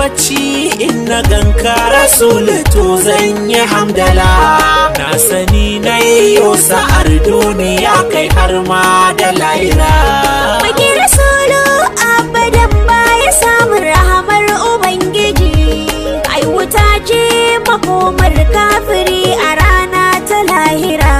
bacci in na ganka rasulu to zan yi hamdala na sani na yi yau sa'ar duniya kai har ma da lahira Maki rasulu abadan ya samu rahamar ubangiji ai wuta ce makomar kafiri a rana ta lahira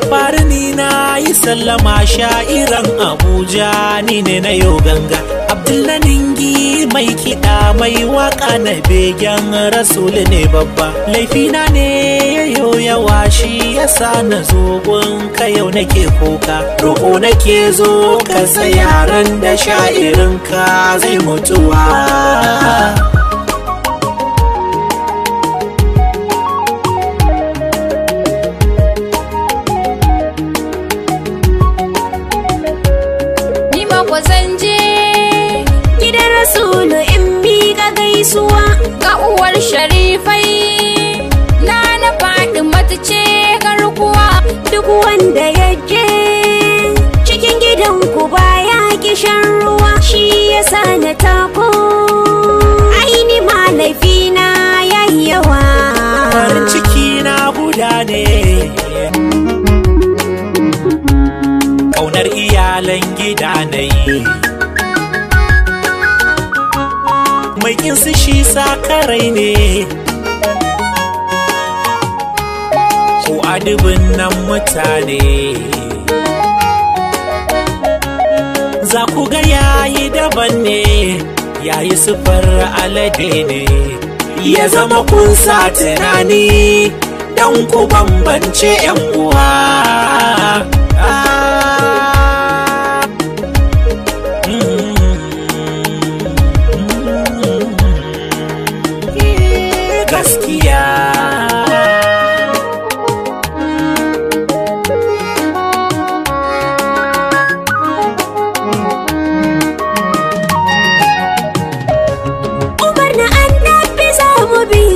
da fari ni na yi sallama sha'iran abuja ni ne na yau ganga abdullaningi mai kiɗa mai waka na begen rasulu ne babba laifina ne yau yawa shi yasa na zogon ka yau nake kuka. roƙo nake zo ka yaran da sha'irinka zai mutuwa zan gidan rasulu in ga gaisuwa ga uwar sharifai na na faɗi garkuwa duk wanda ya je cikin gidan ku baya kishan ruwa shi ya sa na tako aini ma laifina yayi yawa farin ciki na guda ne da na yi mai su shi karai ne ko adibin nan mutane za ku ga yayi daban ne yayi sufar alade ne ya zama kun sa tunani dan ku bambance 'yan uwa ah.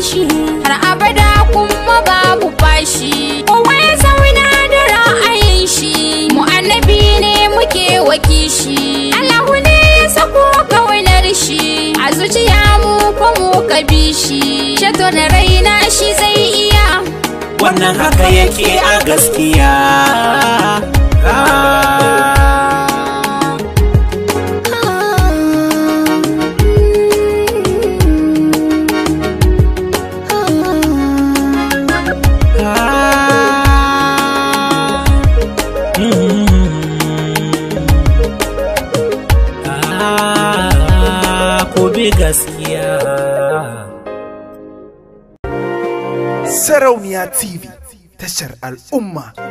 shi har abada kuma babu fashi kowa ya zauna da ra'ayin shi mu annabi ne muke waki shi Allahu ne ya sako kaunar shi a zuciya mu ko mu kabi shi shato da raina shi zai iya wannan haka yake a gaskiya ku bi gaskiya sarauniya tv tashar al'umma